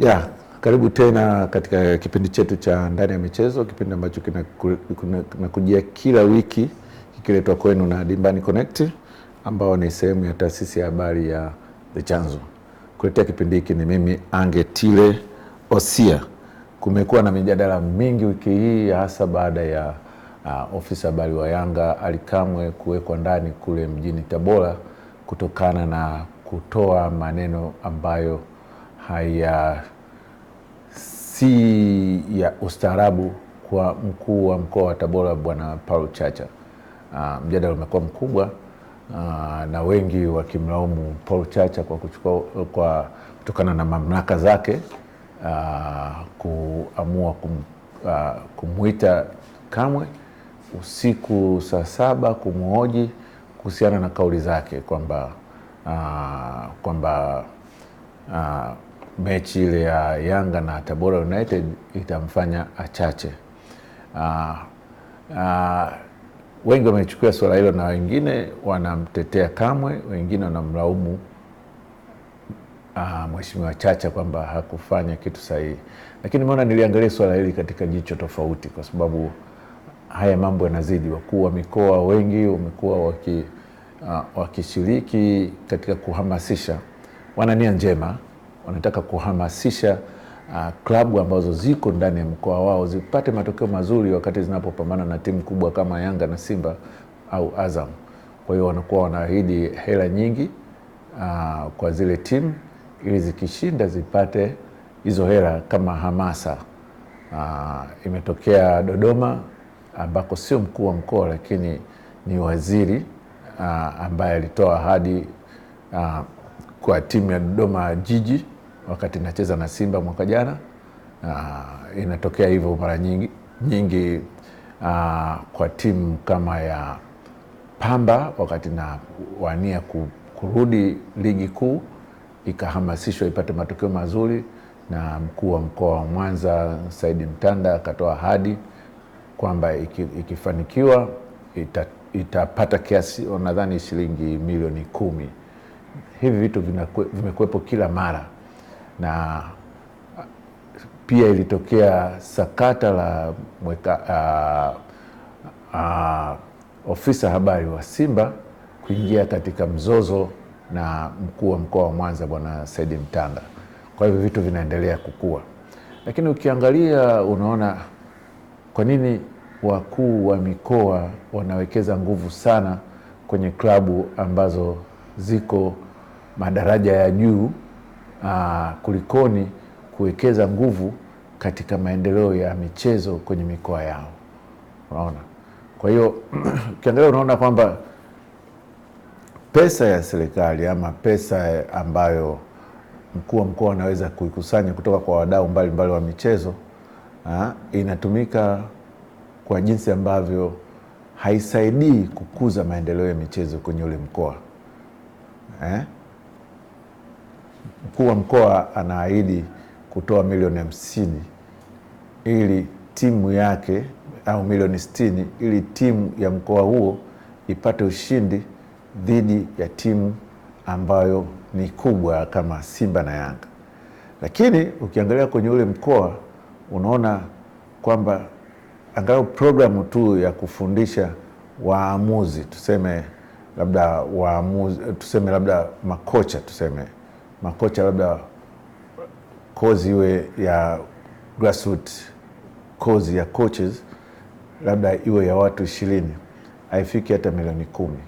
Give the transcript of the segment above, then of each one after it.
Yeah, karibu tena katika kipindi chetu cha ndani ya michezo, kipindi ambacho kinakujia kila wiki kikiletwa kwenu na Dimbani Connect ambao ni sehemu ya taasisi ya habari ya The Chanzo. Kuletea kipindi hiki ni mimi ange tile Osia. Kumekuwa na mijadala mingi wiki hii hasa baada ya uh, ofisa habari wa Yanga Alikamwe kuwekwa ndani kule mjini Tabora kutokana na kutoa maneno ambayo haya si ya ustaarabu kwa mkuu wa mkoa wa Tabora Bwana Paul Chacha. Uh, mjadala umekuwa mkubwa uh, na wengi wakimlaumu Paul Chacha kwa kuchukua kwa kutokana na mamlaka zake uh, kuamua kum, uh, kumwita Kamwe usiku saa saba kumhoji kuhusiana na kauli zake kwamba uh, kwamba uh, mechi ile ya Yanga na Tabora United itamfanya achache. Uh, uh, wengi wamechukua suala hilo na wengine wanamtetea Kamwe, wengine wanamlaumu uh, Mheshimiwa Chacha kwamba hakufanya kitu sahihi, lakini maona niliangalia suala hili katika jicho tofauti, kwa sababu haya mambo yanazidi. Wakuu wa mikoa wengi wamekuwa waki, uh, wakishiriki katika kuhamasisha, wana nia njema wanataka kuhamasisha uh, klabu ambazo ziko ndani ya mkoa wao zipate matokeo mazuri wakati zinapopambana na timu kubwa kama Yanga na Simba au Azam. Kwa hiyo wanakuwa wanaahidi hela nyingi uh, kwa zile timu ili zikishinda zipate hizo hela kama hamasa. Uh, imetokea Dodoma ambako sio mkuu wa mkoa lakini ni waziri uh, ambaye alitoa ahadi uh, kwa timu ya Dodoma Jiji wakati nacheza na Simba mwaka jana. Uh, inatokea hivyo mara nyingi, nyingi uh, kwa timu kama ya Pamba wakati na wania kurudi ligi kuu ikahamasishwa ipate matokeo mazuri, na mkuu wa mkoa wa Mwanza Saidi Mtanda akatoa ahadi kwamba ikifanikiwa ita, itapata kiasi nadhani shilingi milioni kumi hivi vitu vimekuwepo kila mara, na pia ilitokea sakata la mweka, uh, uh, ofisa habari wa Simba kuingia katika mzozo na mkuu wa mkoa wa Mwanza Bwana Saidi mtanga Kwa hivyo vitu vinaendelea kukua, lakini ukiangalia unaona kwa nini wakuu wa mikoa wanawekeza nguvu sana kwenye klabu ambazo ziko madaraja ya juu aa, ah, kulikoni kuwekeza nguvu katika maendeleo ya michezo kwenye mikoa yao. Unaona, kwa hiyo ukiangalia unaona kwamba pesa ya serikali ama pesa ambayo mkuu wa mkoa anaweza kuikusanya kutoka kwa wadau mbalimbali wa michezo ha, ah, inatumika kwa jinsi ambavyo haisaidii kukuza maendeleo ya michezo kwenye ule mkoa eh? mkuu wa mkoa anaahidi kutoa milioni hamsini ili timu yake au milioni sitini ili timu ya mkoa huo ipate ushindi dhidi ya timu ambayo ni kubwa kama Simba na Yanga. Lakini ukiangalia kwenye ule mkoa unaona kwamba angalau programu tu ya kufundisha waamuzi tuseme labda waamuzi tuseme labda makocha tuseme makocha labda kozi iwe ya grassroots, kozi ya coaches labda iwe ya watu ishirini, haifiki hata milioni kumi.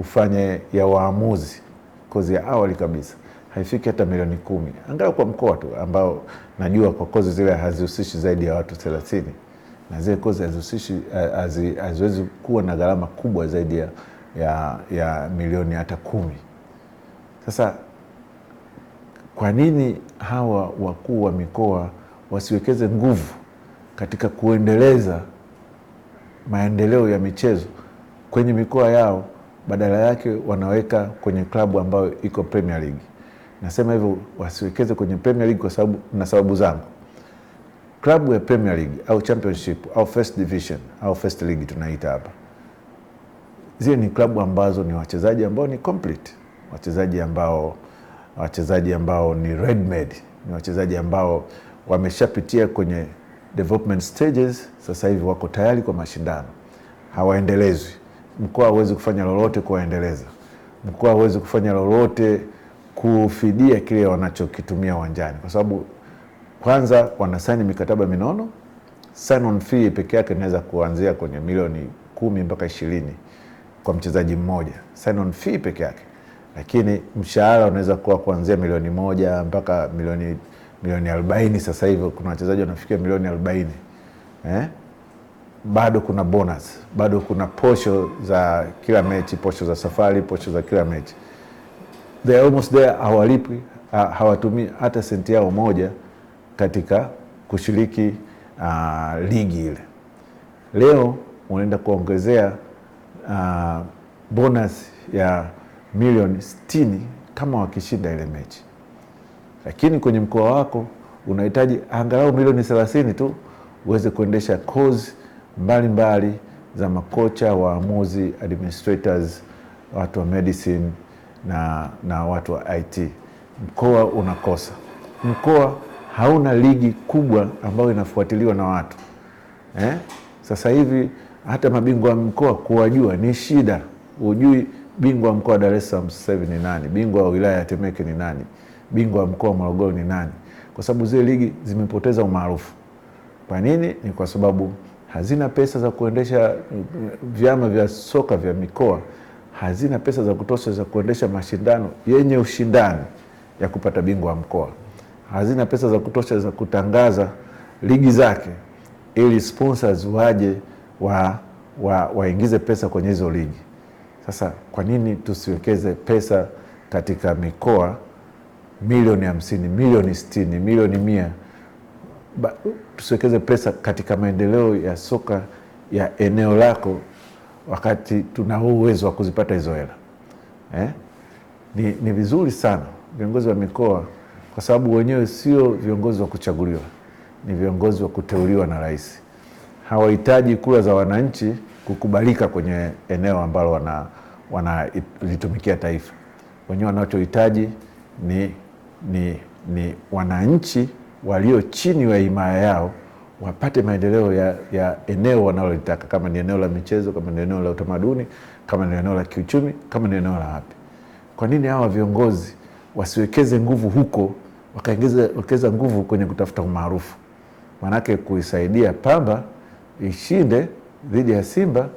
Ufanye ya waamuzi kozi ya awali kabisa haifiki hata milioni kumi, angalau kwa mkoa tu, ambao najua kwa kozi zile hazihusishi zaidi ya watu thelathini na zile kozi hazihusishi haziwezi kuwa na gharama kubwa zaidi ya, ya, ya milioni hata kumi. Sasa kwa nini hawa wakuu wa mikoa wasiwekeze nguvu katika kuendeleza maendeleo ya michezo kwenye mikoa yao, badala yake wanaweka kwenye klabu ambayo iko Premier League? Nasema hivyo wasiwekeze kwenye Premier League kwa sababu na sababu zangu. Klabu ya Premier League au Championship au First Division au First League tunaita hapa, zile ni klabu ambazo ni wachezaji ambao ni complete, wachezaji ambao wachezaji ambao ni ready made, ni wachezaji ambao wameshapitia kwenye development stages, sasa hivi wako tayari kwa mashindano, hawaendelezwi. Mkoa hawezi kufanya lolote kuwaendeleza, mkoa hawezi kufanya lolote kufidia kile wanachokitumia uwanjani, kwa sababu kwanza wanasaini mikataba minono. Sign on fee peke yake inaweza kuanzia kwenye milioni kumi mpaka ishirini kwa mchezaji mmoja, sign on fee peke yake lakini mshahara unaweza kuwa kuanzia milioni moja mpaka milioni milioni arobaini. Sasa hivi kuna wachezaji wanafikia milioni arobaini eh? Bado kuna bonus, bado kuna posho za kila mechi, posho za safari, posho za kila mechi. They are almost there, hawalipi hawatumii hata senti yao moja katika kushiriki uh, ligi ile. Leo unaenda kuongezea uh, bonus ya milioni sitini kama wakishinda ile mechi, lakini kwenye mkoa wako unahitaji angalau milioni thelathini tu uweze kuendesha kozi mbalimbali za makocha, waamuzi, administrators, watu wa medicine na, na watu wa IT. Mkoa unakosa, mkoa hauna ligi kubwa ambayo inafuatiliwa na watu eh? Sasa hivi hata mabingwa wa mkoa kuwajua ni shida, hujui bingwa wa mkoa wa Dar es Salaam sasa hivi ni nani? Bingwa wa wilaya ya Temeke ni nani? Bingwa wa mkoa wa Morogoro ni nani? Kwa sababu zile ligi zimepoteza umaarufu. Kwa nini? Ni kwa sababu hazina pesa za kuendesha eh, vyama vya soka vya mikoa, hazina pesa za kutosha za kuendesha mashindano yenye ushindani ya kupata bingwa wa mkoa, hazina pesa za kutosha za kutangaza ligi zake ili sponsors waje waingize wa, wa pesa kwenye hizo ligi. Sasa kwa nini tusiwekeze pesa katika mikoa milioni hamsini, milioni sitini, milioni mia, tusiwekeze pesa katika maendeleo ya soka ya eneo lako wakati tuna huu uwezo wa kuzipata hizo hela eh? Ni, ni vizuri sana viongozi wa mikoa, kwa sababu wenyewe sio viongozi wa kuchaguliwa, ni viongozi wa kuteuliwa na rais. Hawahitaji kura za wananchi kukubalika kwenye eneo ambalo wanalitumikia wana taifa. Wenyewe wanachohitaji ni, ni, ni wananchi walio chini ya himaya yao wapate maendeleo ya, ya eneo wanalolitaka, kama ni eneo la michezo, kama ni eneo la utamaduni, kama ni eneo la kiuchumi, kama ni eneo la wapi. Kwa nini hawa viongozi wasiwekeze nguvu huko, wakawekeza nguvu kwenye kutafuta umaarufu? Maanake kuisaidia Pamba ishinde dhidi ya Simba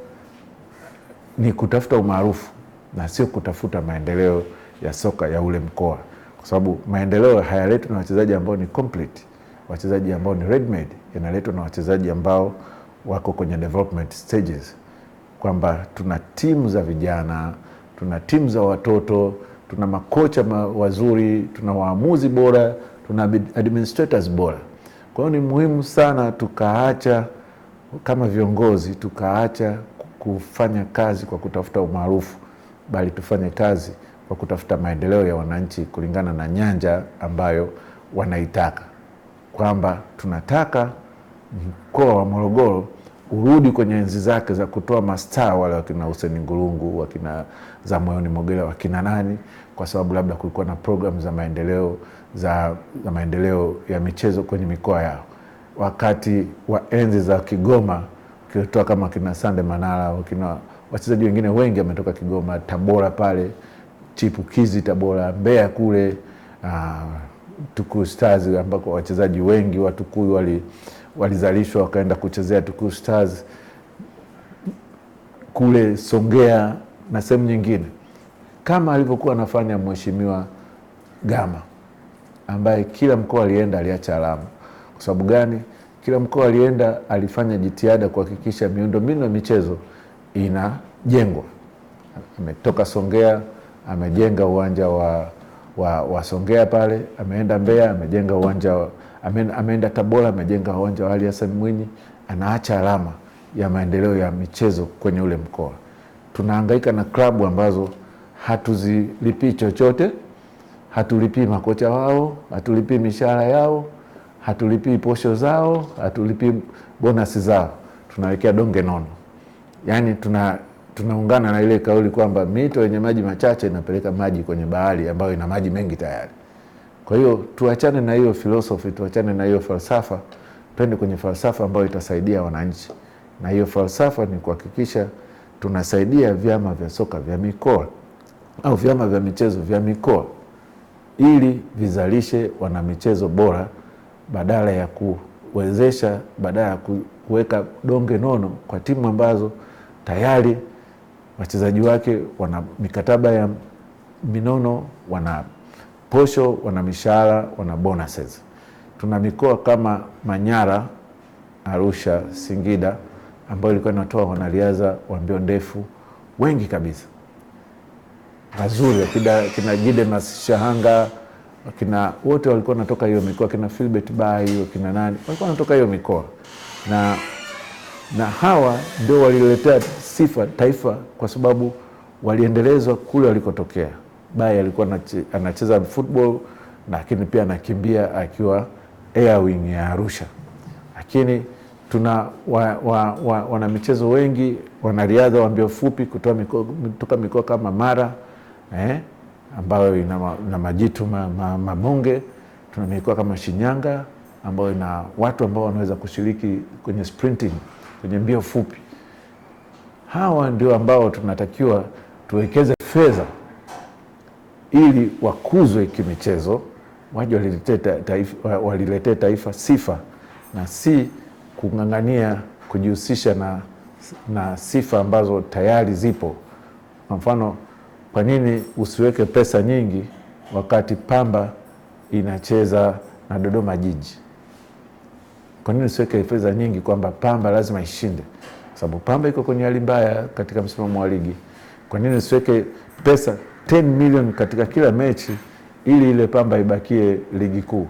ni kutafuta umaarufu na sio kutafuta maendeleo ya soka ya ule mkoa, kwa sababu maendeleo hayaletwi na wachezaji ambao ni complete, wachezaji ambao ni ready made, yanaletwa na wachezaji ambao wako kwenye development stages, kwamba tuna timu za vijana, tuna timu za watoto, tuna makocha wazuri, tuna waamuzi bora, tuna administrators bora. Kwa hiyo ni muhimu sana tukaacha kama viongozi tukaacha kufanya kazi kwa kutafuta umaarufu, bali tufanye kazi kwa kutafuta maendeleo ya wananchi kulingana na nyanja ambayo wanaitaka, kwamba tunataka mkoa wa Morogoro urudi kwenye enzi zake za kutoa mastaa wale wakina huseni Ngurungu, wakina za moyoni mogela wakina nani, kwa sababu labda kulikuwa na programu za maendeleo za, za maendeleo ya michezo kwenye mikoa yao wakati wa enzi za Kigoma ukitoa kama kina Sande Manara, kina wachezaji wengine wengi wametoka Kigoma, Tabora pale chipukizi Tabora, Mbeya kule uh, ah, Tukuyu Stars ambako wachezaji wengi wa Tukuyu wali, walizalishwa wakaenda kuchezea Tukuyu Stars kule Songea na sehemu nyingine, kama alivyokuwa anafanya Mheshimiwa Gama ambaye kila mkoa alienda aliacha alama. Kwa sababu gani? Kila mkoa alienda alifanya jitihada kuhakikisha miundombinu ya michezo inajengwa. Ametoka Songea amejenga uwanja wa, wa, wa Songea pale, ameenda Mbeya amejenga uwanja ameenda Tabora amejenga uwanja wa Ali Hassan Mwinyi. Anaacha alama ya maendeleo ya michezo kwenye ule mkoa. Tunahangaika na klabu ambazo hatuzilipii chochote, hatulipii makocha wao, hatulipii mishahara yao hatulipii posho zao, hatulipii bonasi zao, tunawekea donge nono. Yani tuna tunaungana na ile kauli kwamba mito yenye maji machache inapeleka maji kwenye bahari ambayo ina maji mengi tayari. Kwa hiyo tuachane na hiyo filosofi, tuachane na hiyo falsafa, twende kwenye falsafa ambayo itasaidia wananchi, na hiyo falsafa ni kuhakikisha tunasaidia vyama vya soka vya mikoa au vyama vya michezo vya mikoa ili vizalishe wanamichezo bora badala ya kuwezesha, badala ya kuweka donge nono kwa timu ambazo tayari wachezaji wake wana mikataba ya minono, wana posho, wana mishahara, wana bonuses. Tuna mikoa kama Manyara, Arusha, Singida ambayo ilikuwa inatoa wanariadha wa mbio ndefu wengi kabisa wazuri, kina Gidemas Shahanga wakina wote walikuwa wanatoka hiyo mikoa, kina Philbert Bayi, wakina nani walikuwa wanatoka hiyo mikoa na, na hawa ndio waliletea sifa taifa, kwa sababu waliendelezwa kule walikotokea. Bayi alikuwa anacheza football lakini pia anakimbia akiwa air wing ya Arusha, lakini tuna wa, wa, wa, michezo wengi wanariadha wa mbio fupi kutoka mikoa kama Mara eh? ambayo ina, ina majitu ma, ma, mabunge. Tuna mikoa kama Shinyanga ambayo ina watu ambao wanaweza kushiriki kwenye sprinting, kwenye mbio fupi. Hawa ndio ambao tunatakiwa tuwekeze fedha ili wakuzwe kimichezo, waje waliletee taifa, waliletee taifa sifa na si kung'ang'ania kujihusisha na, na sifa ambazo tayari zipo kwa mfano kwa nini usiweke pesa nyingi wakati Pamba inacheza na Dodoma Jiji? Kwa nini usiweke pesa nyingi kwamba Pamba lazima ishinde, sababu Pamba iko kwenye hali mbaya katika msimamo wa ligi? Kwa nini usiweke pesa 10 milioni katika kila mechi ili ile Pamba ibakie ligi kuu?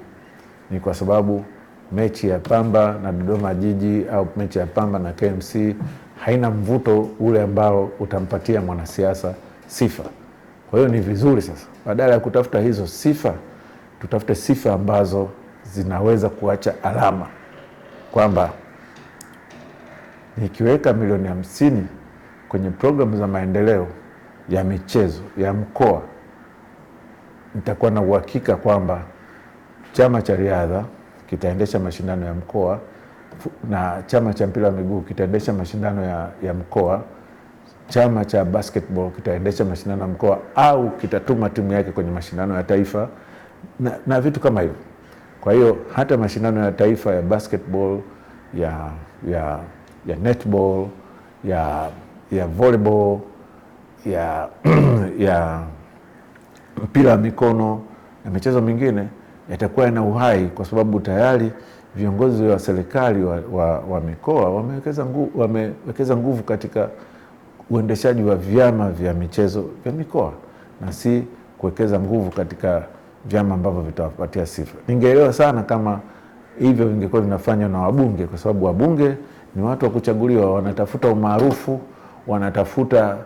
Ni kwa sababu mechi ya Pamba na Dodoma Jiji au mechi ya Pamba na KMC haina mvuto ule ambao utampatia mwanasiasa sifa. Kwa hiyo ni vizuri sasa, badala ya kutafuta hizo sifa, tutafute sifa ambazo zinaweza kuacha alama, kwamba nikiweka milioni hamsini kwenye programu za maendeleo ya michezo ya mkoa, nitakuwa na uhakika kwamba chama cha riadha kitaendesha mashindano ya mkoa na chama cha mpira wa miguu kitaendesha mashindano ya, ya mkoa chama cha basketball kitaendesha mashindano ya mkoa au kitatuma timu yake kwenye mashindano ya taifa na, na vitu kama hivyo. Kwa hiyo hata mashindano ya taifa ya basketball ya, ya, ya netball ya, ya volleyball ya, ya mpira wa mikono na michezo mingine yatakuwa yana uhai kwa sababu tayari viongozi wa serikali wa, wa, wa mikoa wamewekeza nguvu, wamewekeza nguvu katika uendeshaji wa vyama vya michezo vya mikoa na si kuwekeza nguvu katika vyama ambavyo vitawapatia sifa. Ningeelewa sana kama hivyo vingekuwa vinafanywa na wabunge, kwa sababu wabunge ni watu wa kuchaguliwa, wanatafuta umaarufu, wanatafuta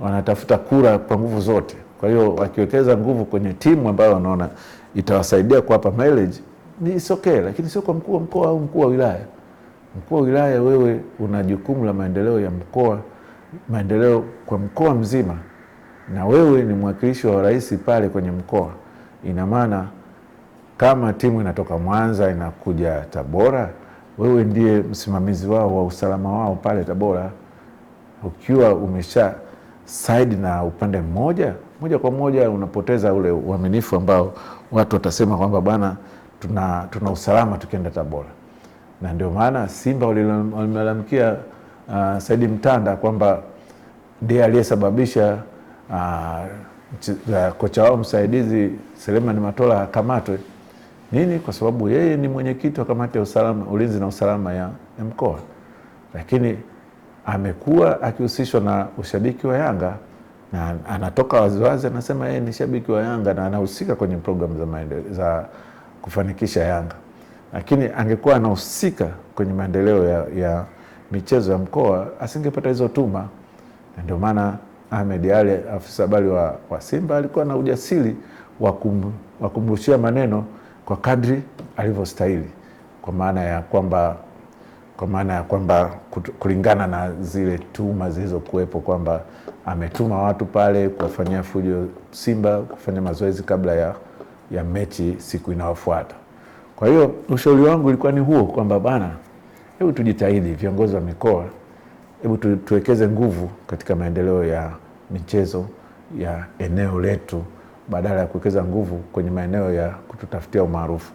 wanatafuta kura kwa nguvu zote. Kwa hiyo wakiwekeza nguvu kwenye timu ambayo wanaona itawasaidia kuwapa mileage ni okay, lakini sio kwa mkuu wa mkoa au mkuu wa wilaya. Mkuu wa wilaya, wewe una jukumu la maendeleo ya mkoa maendeleo kwa mkoa mzima, na wewe ni mwakilishi wa rais pale kwenye mkoa, ina maana kama timu inatoka Mwanza inakuja Tabora, wewe ndiye msimamizi wao wa usalama wao pale Tabora. Ukiwa umesha saidi na upande mmoja, moja kwa moja unapoteza ule uaminifu ambao watu watasema kwamba bwana, tuna, tuna usalama tukienda Tabora, na ndio maana Simba walimlalamikia uh, ah, Saidi Mtanda kwamba ndiye aliyesababisha uh, kocha wao msaidizi Selemani Matola akamatwe. Nini? Kwa sababu yeye ni mwenyekiti wa kamati ya usalama, ulinzi na usalama ya mkoa, lakini amekuwa akihusishwa na ushabiki wa Yanga na anatoka waziwazi anasema yeye ni shabiki wa Yanga na anahusika kwenye programu za maendeleo za kufanikisha Yanga, lakini angekuwa anahusika kwenye maendeleo ya, ya michezo ya mkoa asingepata hizo tuma. Na ndio maana Ahmed Ali, afisa habari wa, wa Simba, alikuwa na ujasiri wa kumrushia maneno kwa kadri alivyostahili, kwa maana ya kwamba kwa maana ya kwamba kulingana na zile tuma zilizokuwepo kwamba ametuma watu pale kuwafanyia fujo Simba kufanya mazoezi kabla ya, ya mechi siku inayofuata. Kwa hiyo ushauri wangu ulikuwa ni huo kwamba bana hebu tujitahidi, viongozi wa mikoa, hebu tuwekeze nguvu katika maendeleo ya michezo ya eneo letu badala ya kuwekeza nguvu kwenye maeneo ya kututafutia umaarufu.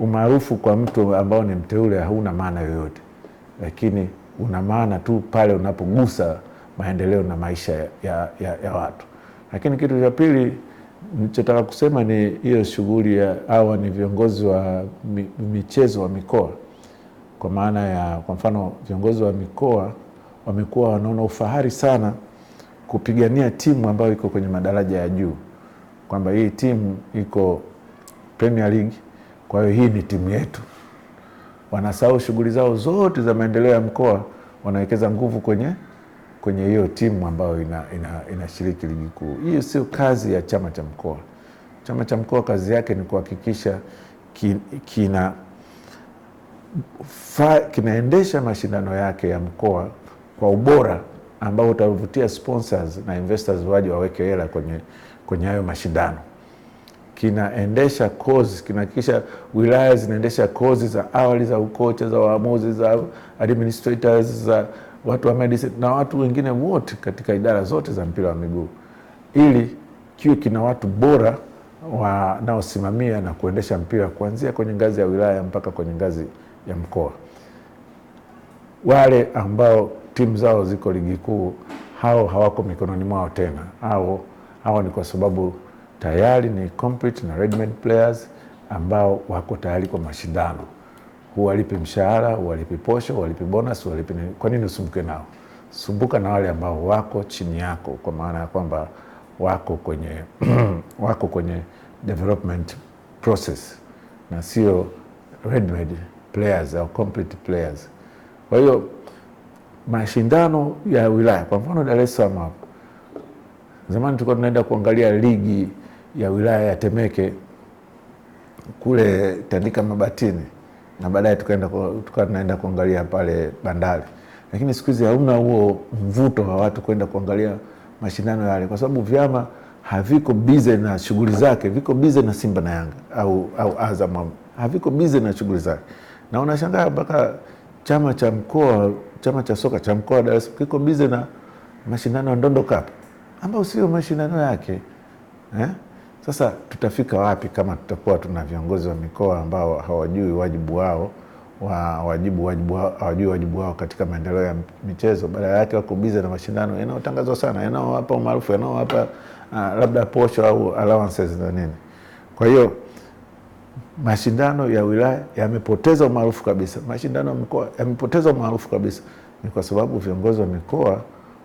Umaarufu kwa mtu ambao ni mteule hauna maana yoyote, lakini una maana tu pale unapogusa maendeleo na maisha ya, ya, ya watu. Lakini kitu cha pili nilichotaka kusema ni hiyo shughuli ya hawa ni viongozi wa michezo wa mikoa kwa maana ya kwa mfano viongozi wa mikoa wamekuwa wanaona ufahari sana kupigania timu ambayo iko kwenye madaraja ya juu, kwamba hii timu iko Premier League, kwa hiyo hii ni timu yetu. Wanasahau shughuli zao zote za maendeleo ya mkoa, wanawekeza nguvu kwenye kwenye hiyo timu ambayo inashiriki ina, ina ligi kuu. Hiyo sio kazi ya chama cha mkoa. Chama cha mkoa kazi yake ni kuhakikisha kina kinaendesha mashindano yake ya mkoa kwa ubora ambao utavutia sponsors na investors waje waweke hela kwenye, kwenye hayo mashindano. Kinaendesha kozi, kinahakikisha wilaya zinaendesha kozi za awali za ukocha, za waamuzi, za administrators, za watu wa medicine na watu wengine wote katika idara zote za mpira wa miguu ili kiwe kina watu bora wanaosimamia na kuendesha mpira kuanzia kwenye ngazi ya wilaya mpaka kwenye ngazi ya mkoa. Wale ambao timu zao ziko ligi kuu, hao hawako mikononi mwao tena, au hao ni kwa sababu tayari ni compete na readymade players ambao wako tayari kwa mashindano. Huwalipi mshahara, huwalipi posho, huwalipi bonus, huwalipi nini. Kwa nini usumbuke nao? Sumbuka na wale ambao wako chini yako, kwa maana ya kwamba wako kwenye wako kwenye development process na sio readymade players au complete players. Kwa hiyo mashindano ya wilaya, kwa mfano Dar es Salaam hapo zamani tulikuwa tunaenda kuangalia ligi ya wilaya ya Temeke kule Tandika Mabatini, na baadaye tukaenda tukawa tunaenda kuangalia pale Bandari, lakini siku hizi hauna huo mvuto wa watu kwenda kuangalia mashindano yale, kwa sababu vyama haviko bize na shughuli zake, viko bize na Simba na Yanga au, au Azam, haviko bize na shughuli zake na unashangaa mpaka chama cha mkoa chama cha soka cha mkoa wa Dar es Salaam kiko bize na mashindano ya Ndondo Cup ambayo sio mashindano yake eh? Sasa tutafika wapi kama tutakuwa tuna viongozi wa mikoa ambao hawajui wajibu wao wa wajibu wajibu hawajui wajibu wao katika maendeleo ya michezo, badala yake wako bize na mashindano yanayotangazwa sana, yanayowapa umaarufu, yanayowapa uh, labda posho au allowances na nini, kwa hiyo mashindano ya wilaya yamepoteza umaarufu kabisa, mashindano ya mikoa yamepoteza umaarufu kabisa. Ni kwa sababu viongozi wa mikoa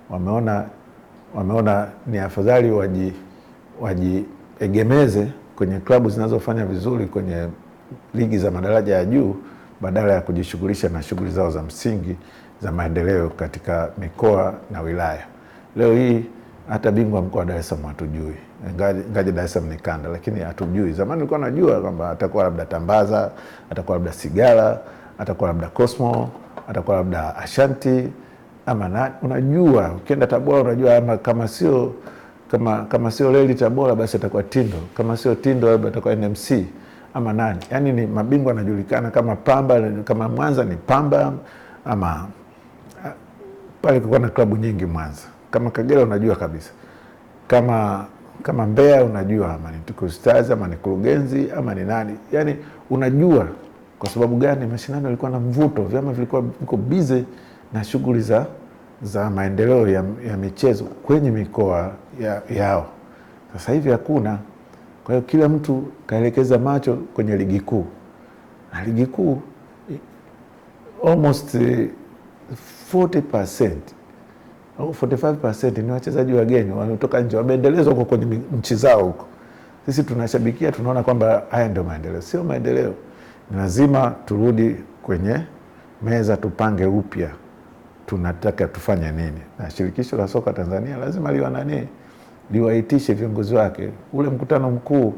wameona, wameona ni afadhali waji wajiegemeze kwenye klabu zinazofanya vizuri kwenye ligi za madaraja ya juu badala ya kujishughulisha na shughuli zao za msingi za maendeleo katika mikoa na wilaya. Leo hii hata bingwa mkoa wa Dar es Salaam hatujui, ngaji Dar es Salaam ni kanda, lakini hatujui. Zamani ulikuwa najua kwamba atakuwa labda Tambaza, atakuwa labda Sigara, atakuwa labda Cosmo, atakuwa labda Ashanti ama na, unajua ukienda Tabora unajua ama kama sio kama kama sio reli Tabora basi atakuwa Tindo, kama sio Tindo labda atakuwa NMC ama nani. Yani ni mabingwa anajulikana kama Pamba, kama Mwanza ni Pamba ama ah, pale kulikuwa na klabu nyingi Mwanza kama Kagera unajua kabisa, kama kama Mbeya unajua, ama ni tukustazi ama ni kurugenzi ama ni nani, yani unajua. Kwa sababu gani? Mashindano yalikuwa na mvuto, vyama vilikuwa viko bize na shughuli za za maendeleo ya, ya michezo kwenye mikoa ya, yao. Sasa hivi hakuna. Kwa hiyo kila mtu kaelekeza macho kwenye ligi kuu, na ligi kuu eh, almost 40% eh, au 45% ni wachezaji wageni wanaotoka nje, wameendelezwa huko kwenye nchi zao huko. Sisi tunashabikia, tunaona kwamba haya ndio maendeleo. Sio maendeleo, ni lazima turudi kwenye meza, tupange upya tunataka tufanye nini, na shirikisho la soka Tanzania lazima liwa nani liwaitishe viongozi wake. Ule mkutano mkuu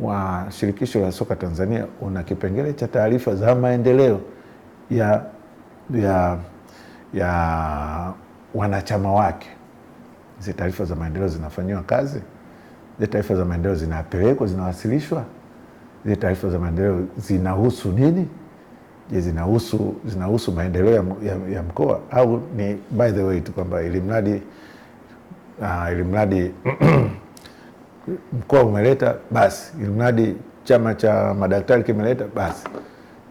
wa shirikisho la soka Tanzania una kipengele cha taarifa za maendeleo ya, ya, ya wanachama wake. Hizi taarifa za maendeleo zinafanyiwa kazi, hizi taarifa za maendeleo zinapelekwa, zinawasilishwa, hizi taarifa za maendeleo zinahusu nini? Je, zinahusu zinahusu maendeleo ya, ya, ya mkoa au ni by the way tu kwamba ilimradi uh, ah, ilimradi mkoa umeleta basi, ilimradi chama cha madaktari kimeleta basi.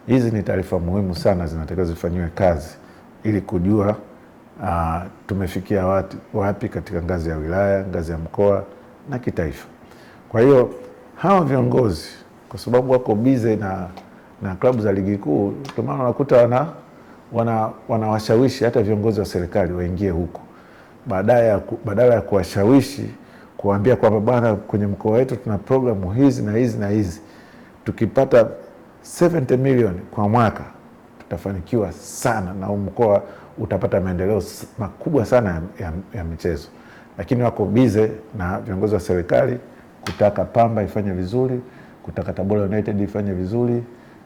Hizi ni taarifa muhimu sana, zinatakiwa zifanyiwe kazi ili kujua uh, tumefikia watu, wapi katika ngazi ya wilaya, ngazi ya mkoa na kitaifa. Kwa hiyo hawa viongozi kwa sababu wako bize na, na klabu za ligi kuu, ndio maana unakuta wana wanawashawishi wana hata viongozi wa serikali waingie huko badala ya kuwashawishi kuwaambia kwamba bwana, kwenye mkoa wetu tuna programu hizi na hizi na hizi, tukipata 70 milioni kwa mwaka tutafanikiwa sana na huu mkoa utapata maendeleo makubwa sana ya, ya michezo, lakini wako bize na viongozi wa serikali kutaka Pamba ifanye vizuri, kutaka Tabora United ifanye vizuri,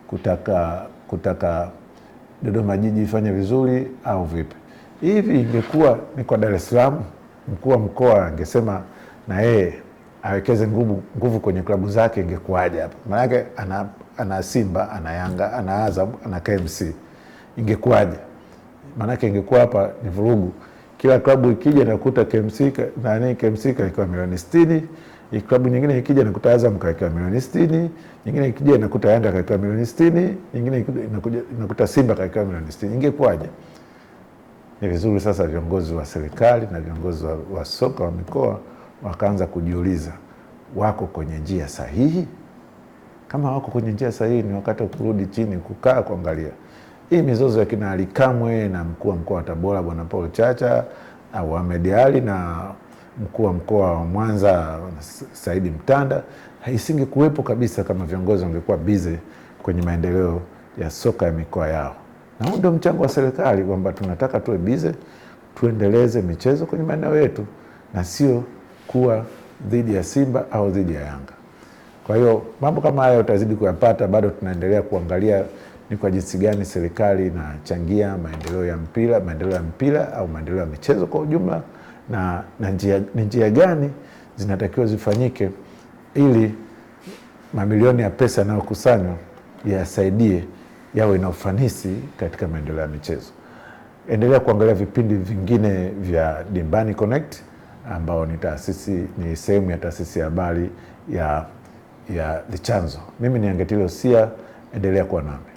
kutaka kutaka Dodoma Jiji ifanye vizuri au vipi? Hivi ingekuwa ni kwa Dar es Salaam, mkuu wa mkoa angesema na yeye awekeze nguvu nguvu kwenye klabu zake, ingekuwaje hapa? Maanake ana, ana Simba ana Yanga ana Azam ana KMC, ingekuwaje? maanake ingekuwa hapa ni vurugu. Kila klabu ikija nakuta KMC nani, KMC kawekewa milioni sitini, klabu nyingine ikija nakuta Azam kawekewa milioni sitini, nyingine ikija nakuta Yanga kawekewa milioni sitini, nyingine nakuta Simba kawekewa milioni sitini. Ingekuwaje? Ni vizuri sasa viongozi wa serikali na viongozi wa, wa soka wa mikoa wakaanza kujiuliza wako kwenye njia sahihi. Kama wako kwenye njia sahihi, ni wakati wa kurudi chini, kukaa, kuangalia. Hii mizozo ya kina Ally Kamwe na mkuu wa mkoa wa Tabora Bwana Paul Chacha au Ahmed Ali na mkuu wa mkoa wa Mwanza Saidi Mtanda kuwepo kabisa kama viongozi wangekuwa bize kwenye maendeleo ya soka ya mikoa yao, na huu ndio mchango wa serikali kwamba tunataka tuwe bize, tuendeleze michezo kwenye maeneo yetu na sio kuwa dhidi ya Simba au dhidi ya Yanga. Kwa hiyo mambo kama haya utazidi kuyapata, bado tunaendelea kuangalia ni kwa jinsi gani serikali inachangia maendeleo ya mpira, maendeleo ya mpira au maendeleo ya michezo kwa ujumla, na ni njia gani zinatakiwa zifanyike ili mamilioni ya pesa yanayokusanywa yasaidie yawe na ufanisi katika maendeleo ya michezo. Endelea kuangalia vipindi vingine vya Dimbani Connect ambao ni taasisi ni sehemu ya taasisi ya habari ya ya The Chanzo. Mimi ni Angetile Osia, endelea kuwa nami.